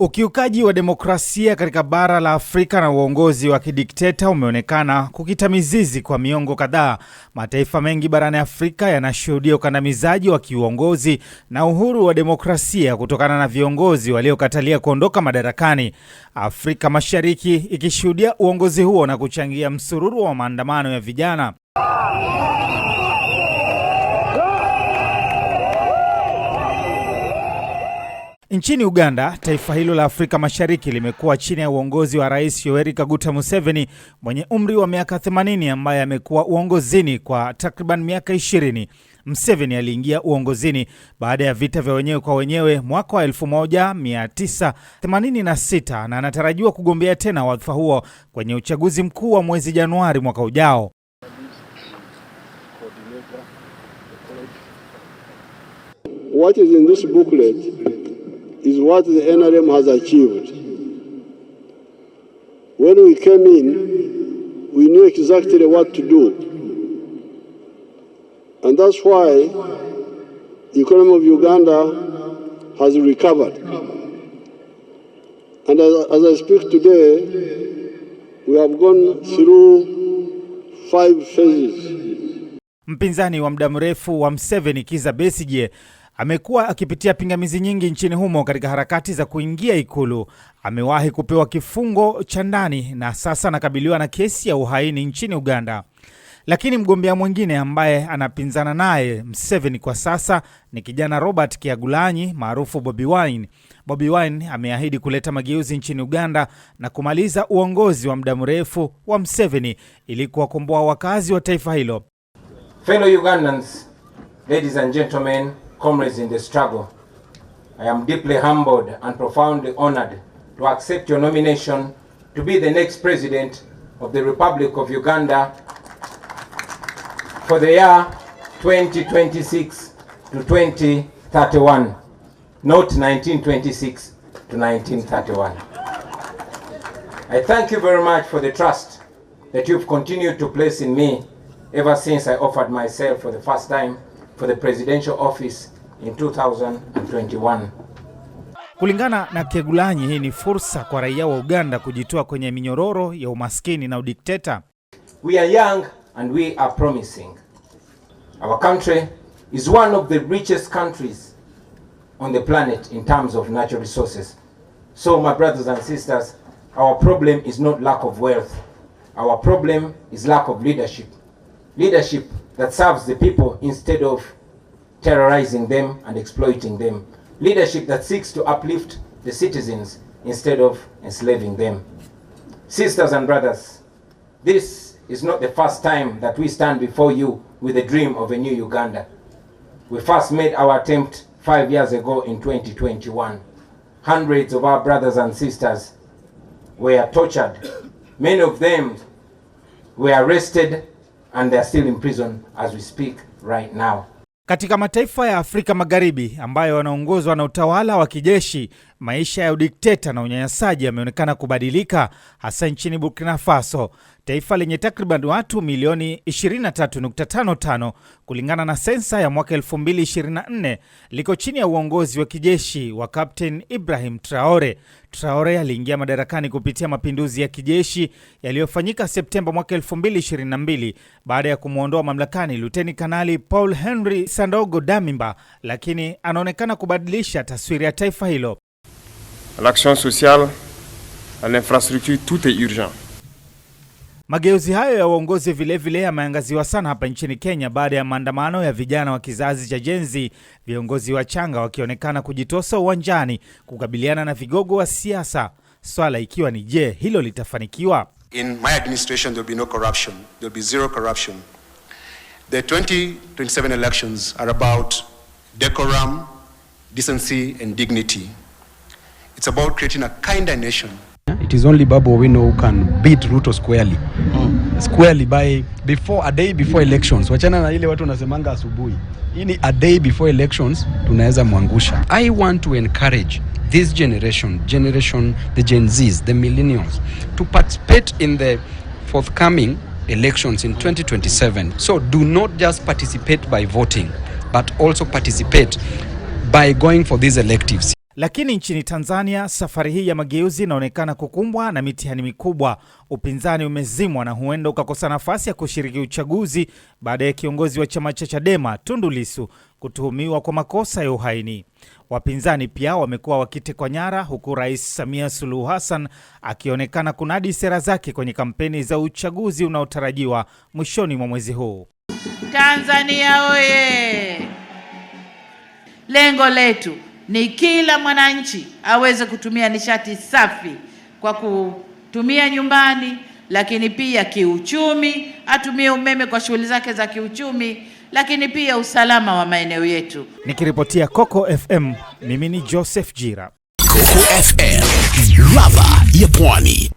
Ukiukaji wa demokrasia katika bara la Afrika na uongozi wa kidikteta umeonekana kukita mizizi kwa miongo kadhaa. Mataifa mengi barani Afrika yanashuhudia ukandamizaji wa kiuongozi na uhuru wa demokrasia kutokana na viongozi waliokatalia kuondoka madarakani. Afrika Mashariki ikishuhudia uongozi huo na kuchangia msururu wa maandamano ya vijana Nchini Uganda, taifa hilo la Afrika Mashariki limekuwa chini ya uongozi wa Rais Yoweri Kaguta Museveni mwenye umri wa miaka 80 ambaye amekuwa uongozini kwa takriban miaka 20. Museveni aliingia uongozini baada ya vita vya wenyewe kwa wenyewe mwaka wa 1986 na anatarajiwa kugombea tena wadhifa huo kwenye uchaguzi mkuu wa mwezi Januari mwaka ujao. What is in this booklet? is what the NRM has achieved. When we came in, we knew exactly what to do. And that's why the economy of Uganda has recovered. And as, as I speak today, we have gone through five phases. Mpinzani wa muda mrefu wa Mseveni Kizza Besigye amekuwa akipitia pingamizi nyingi nchini humo katika harakati za kuingia Ikulu. Amewahi kupewa kifungo cha ndani na sasa anakabiliwa na kesi ya uhaini nchini Uganda. Lakini mgombea mwingine ambaye anapinzana naye Mseveni kwa sasa ni kijana Robert Kiagulanyi maarufu Bobi Wine. Bobi Wine ameahidi kuleta mageuzi nchini Uganda na kumaliza uongozi wa muda mrefu wa Mseveni ili kuwakomboa wakazi wa taifa hilo. Fellow Ugandans, ladies and gentlemen comrades in the struggle. I am deeply humbled and profoundly honored to accept your nomination to be the next president of the Republic of Uganda for the year 2026 to 2031, not 1926 to 1931. I thank you very much for the trust that you've continued to place in me ever since I offered myself for the first time for the presidential office in 2021. Kulingana na Kegulanyi, hii ni fursa kwa raia wa Uganda kujitoa kwenye minyororo ya umaskini na udikteta. We are young and we are promising. Our country is one of the richest countries on the planet in terms of natural resources. So my brothers and sisters, our problem is not lack of wealth. Our problem is lack of leadership. leadership that serves the people instead of terrorizing them and exploiting them. Leadership that seeks to uplift the citizens instead of enslaving them. Sisters and brothers, this is not the first time that we stand before you with a dream of a new Uganda. We first made our attempt five years ago in 2021. Hundreds of our brothers and sisters were tortured. Many of them were arrested and they are still in prison as we speak right now. Katika mataifa ya Afrika Magharibi ambayo yanaongozwa na utawala wa kijeshi, maisha ya udikteta na unyanyasaji yameonekana kubadilika, hasa nchini Burkina Faso, taifa lenye takriban watu milioni 23.55 kulingana na sensa ya mwaka 2024, liko chini ya uongozi wa kijeshi wa Captain Ibrahim Traore. Traore aliingia madarakani kupitia mapinduzi ya kijeshi yaliyofanyika Septemba mwaka 2022 baada ya kumwondoa mamlakani Luteni Kanali Paul Henry Sandogo Damimba, lakini anaonekana kubadilisha taswira ya taifa hilo à l'action sociale, à l'infrastructure, tout est urgent. Mageuzi hayo ya uongozi vilevile yameangaziwa sana hapa nchini Kenya baada ya maandamano ya vijana wa kizazi cha jenzi, viongozi wachanga wakionekana kujitosa uwanjani kukabiliana na vigogo wa siasa, swala ikiwa ni je, hilo litafanikiwa? In my administration there will be no corruption. There will be zero corruption. The 2027 elections are about decorum, decency and dignity. It's about creating a kinder nation. It is only Babu Owino who can beat Ruto squarely. Mm. Squarely by before a day before elections. Wachana na ile watu wanasemanga asubuhi. Hii ni a day before elections tunaweza mwangusha. I want to encourage this generation, generation the Gen Zs, the millennials to participate in the forthcoming elections in 2027. So do not just participate by voting, but also participate by going for these electives. Lakini nchini Tanzania safari hii ya mageuzi inaonekana kukumbwa na mitihani mikubwa. Upinzani umezimwa na huenda ukakosa nafasi ya kushiriki uchaguzi baada ya kiongozi wa chama cha Chadema Tundu Lissu kutuhumiwa kwa makosa ya uhaini. Wapinzani pia wamekuwa wakitekwa nyara, huku Rais Samia Suluhu Hassan akionekana kunadi sera zake kwenye kampeni za uchaguzi unaotarajiwa mwishoni mwa mwezi huu. Tanzania oye! Lengo letu ni kila mwananchi aweze kutumia nishati safi kwa kutumia nyumbani, lakini pia kiuchumi, atumie umeme kwa shughuli zake za kiuchumi, lakini pia usalama wa maeneo yetu. Nikiripotia Coco FM, mimi ni Joseph Jira, Coco FM, ladha ya Pwani.